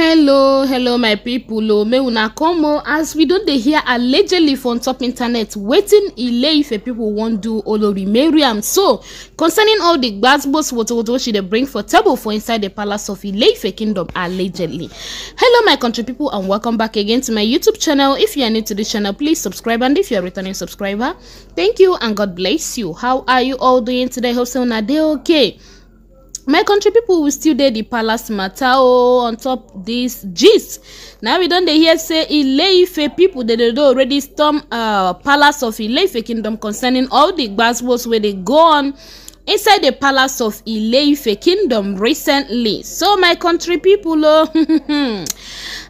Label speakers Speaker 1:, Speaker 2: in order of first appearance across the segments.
Speaker 1: hello hello my people Oh, may una come o as we don dey hear allegedly for on top internet wetin ile-ife people wan do olori mariam so concerning all the gbasgbos wotowoto she dey bring for table for inside the palace of ile-ife kingdom allegedly hello my country people and welcome back again to my youtube channel if you are new to this channel please subscribe and if you are returning subscriber thank you and god bless you how are you all doing today hope say una dey okay my country people will still dey the palace mata o oh, on top dis gist na we don dey hear say ileife pipo dey dey already storm uh, palace of ileife kingdom concerning all the gbasgbos wey dey go on inside the palace of Ileife kingdom recently. So my country people, oh,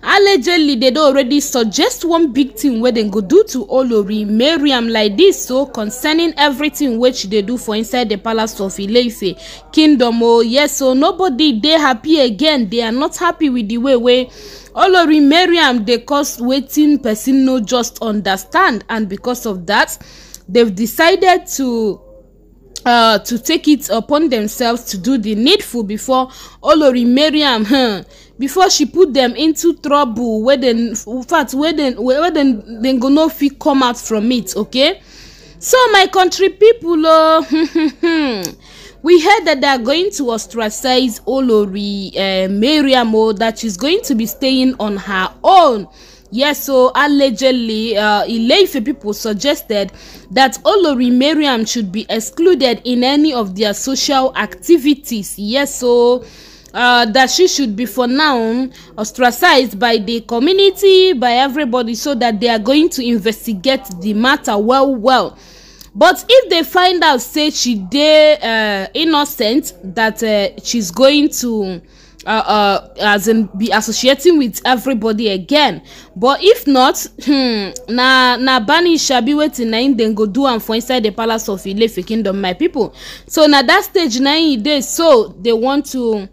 Speaker 1: allegedly they don already suggest one big thing where they go do to Olori Mariam like this so concerning everything which they do for inside the palace of Ileife kingdom oh yes so nobody they happy again they are not happy with the way way Olori Mariam they cause waiting person no just understand and because of that they've decided to uh, to take it upon themselves to do the needful before olori mariam um, before she put them into trouble wey dem fact wey dem wey dem dem go no fit come out from it okay so my country people o oh, we heard that they are going to ostracize olori uh, mariam o oh, that she's going to be staying on her own Yes, so allegedly, uh, Ileife people suggested that Olori Mariam should be excluded in any of their social activities. Yes, so uh, that she should be for now ostracized by the community, by everybody, so that they are going to investigate the matter well, well. But if they find out, say she dey uh, innocent, that uh, she's going to uh, uh, as in be associating with everybody again but if not hmm, na na bani shabi wetin na im dem go do am for inside the palace of ilefe kingdom my people so na that stage na im dey so they want to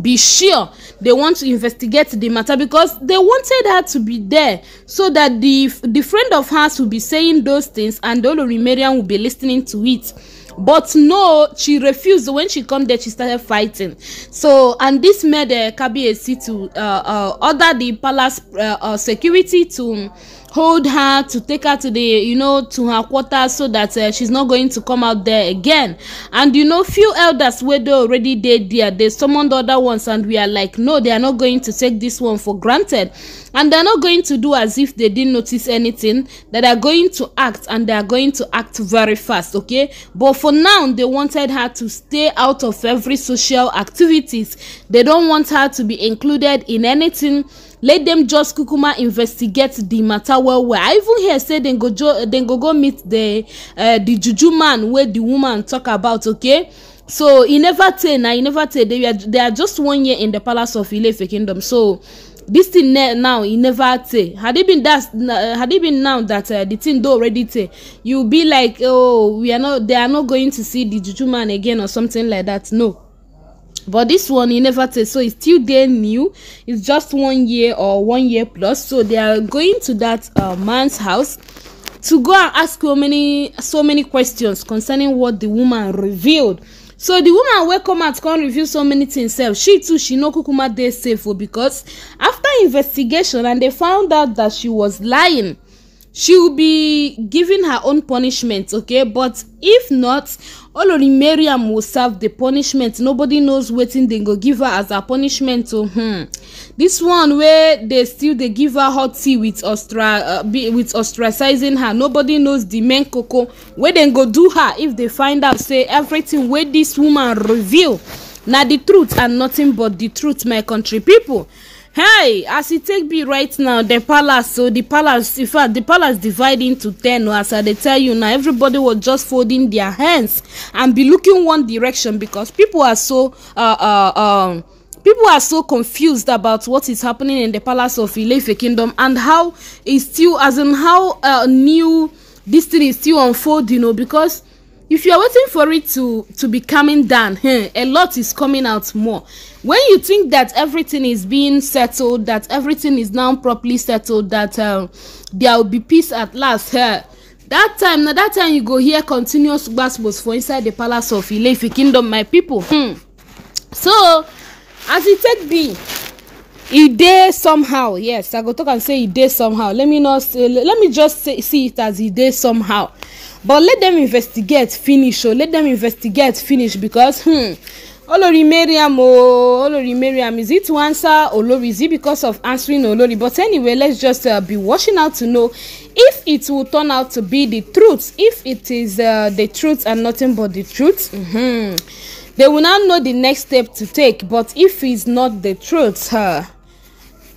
Speaker 1: be sure they want to investigate the matter because they wanted her to be there so that the the friend of hers will be saying those things and olori mariam will be listening to it but no she refused when she come there she started fighting so and this made uh, kabiyesi to uh, uh, order the palace uh, uh, security to. Um, hold her to take her to the you know to her quarters so that uh, she's not going to come out there again and you know few elders wey dey already dey there dey summoned other ones and we are like no they are not going to take this one for granted and they are not going to do as if they didn't notice anything that they are going to act and they are going to act very fast okay but for now they wanted her to stay out of every social activities they don't want her to be included in anything let them just kukuma investigate the matter well well i even hear say dem go jo dem go go meet the uh, the juju man wey the woman talk about okay so e never tey na e never tey they, are they are just one year in the palace of ilefe kingdom so this thing ne now e never tey had it been that uh, had it been now that uh, the thing don already tey you be like oh we are not they are not going to see the juju man again or something like that no but this one he never take so it's still there, new it's just one year or one year plus so they are going to that uh, man's house to go and ask so many so many questions concerning what the woman revealed so the woman wey come out come reveal so many things sef she too she no kukuma dey safe o because after investigation and they found out that she was lying She will be giving her own punishment okay but if not olori mariam will serve the punishment nobody knows wetin dem go give her as her punishment o oh, hmm. this one wey dey still dey give her hot tea with ostra uh, with ostracizing her nobody knows the main koko wey dem go do her if they find out say everything wey this woman reveal na the truth and nothing but the truth my country people hey as e take be right now the palace so the palace in fact the palace divide into ten as i dey tell you now everybody was just folding their hands and be looking one direction because people are so uh, uh, um, people are so confused about what is happening in the palace of Ilefe Kingdom and how it's still as in how uh, new this thing is still unfolding you know because if you are waiting for it to to be coming down hmm, a lot is coming out more when you think that everything is being settled that everything is now properly settled that um, there will be peace at last huh, hmm, that time na that time you go hear continuous gbasgbos for inside the palace of ileife kingdom my people hmm. so as e take be e dey somehow yes i go talk am say e dey somehow let me not say, let me just say, see it as e dey somehow but let them investigate finish o oh. let them investigate finish because hmm, olori mariam o oh. olori mariam is it to answer olori is it because of answering olori but anyway let's just uh, be watching out to know if it will turn out to be the truth if it is uh, the truth and nothing but the truth mm-hmm. they will now know the next step to take but if it's not the truth huh?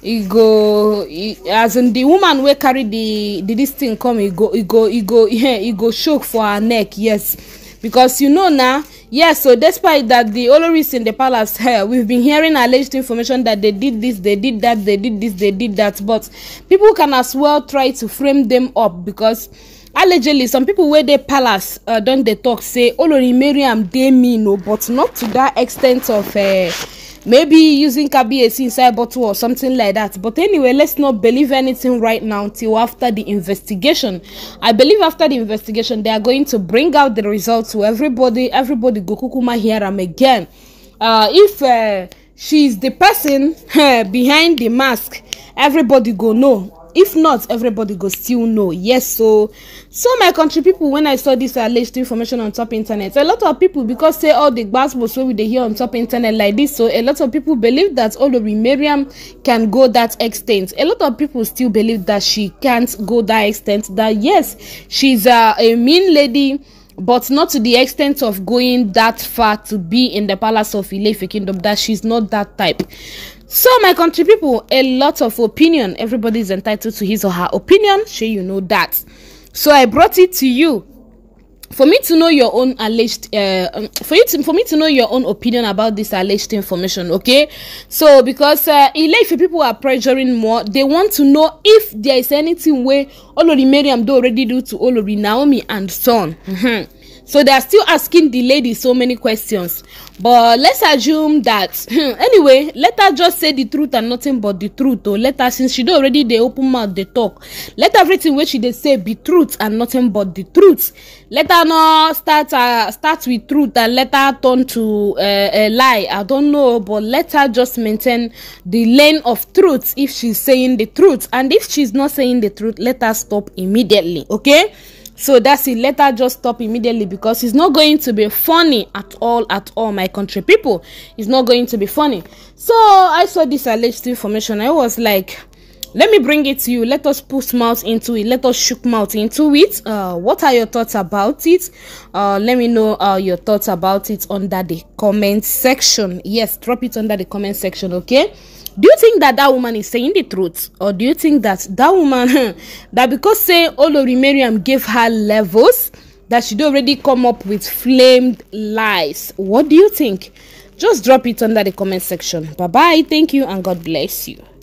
Speaker 1: e go e, as in the woman wey carry the the this thing come e go e go e go yeah, e go choke for her neck yes because you know na yes so despite that the oloris in the palace here we've been hearing alleged information that they did this they did that they did this they did that but people can as well try to frame them up because allegedly some people wey dey palace uh, don dey talk say olori mariam dey mean o oh, but not to that extent of. Uh, maybe using KBAC inside bottle or something like that. But anyway, let's not believe anything right now till after the investigation. I believe after the investigation, they are going to bring out the results to everybody. Everybody go kukuma hear them again. Uh, if uh, is the person behind the mask, everybody go know if not everybody go still know yes so so my country people when i saw this alleged information on top internet a lot of people because say all the gospels wey we dey hear on top internet like this so a lot of people believe that olori mariam can go that extent a lot of people still believe that she can't go that extent that yes she's uh, a mean lady but not to the extent of going that far to be in the palace of Ilefe kingdom that she's not that type so my country people a lot of opinion everybody is entitled to his or her opinion sure you know that so i brought it to you for me to know your own alleged uh, um, for you to, for me to know your own opinion about this alleged information okay so because uh, ile people are pressuring more they want to know if there is anything wey Olori Mariam don already do to Olori Naomi and son. Mm-hmm so they are still asking the lady so many questions but let's assume that hmm, anyway let her just say the truth and nothing but the truth o let her since she don already dey open mouth dey talk let everything wey she dey say be truth and nothing but the truth let her no start uh, start with truth and let her turn to uh, a lie i don't know but let her just maintain the lane of truth if she's saying the truth and if she's not saying the truth let her stop immediately okay. So that's it. Let her just stop immediately because it's not going to be funny at all, at all, my country people. It's not going to be funny. So I saw this alleged information. I was like, let me bring it to you. Let us put mouth into it. Let us shook mouth into it. Uh, what are your thoughts about it? Uh, let me know uh, your thoughts about it under the comment section. Yes, drop it under the comment section, okay? do you think that that woman is saying the truth or do you think that that woman that because say olori mariam gave her levels that she'd already come up with flamed lies what do you think just drop it under the comment section bye bye thank you and god bless you